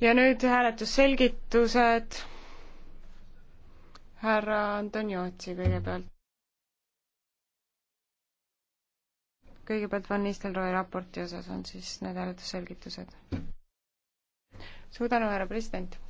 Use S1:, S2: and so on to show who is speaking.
S1: ja nüüd hääletusselgitused. härra Antoniotsi kõigepealt. kõigepealt
S2: Van
S3: Nistelrooy raporti osas on siis need hääletusselgitused. suur tänu, härra president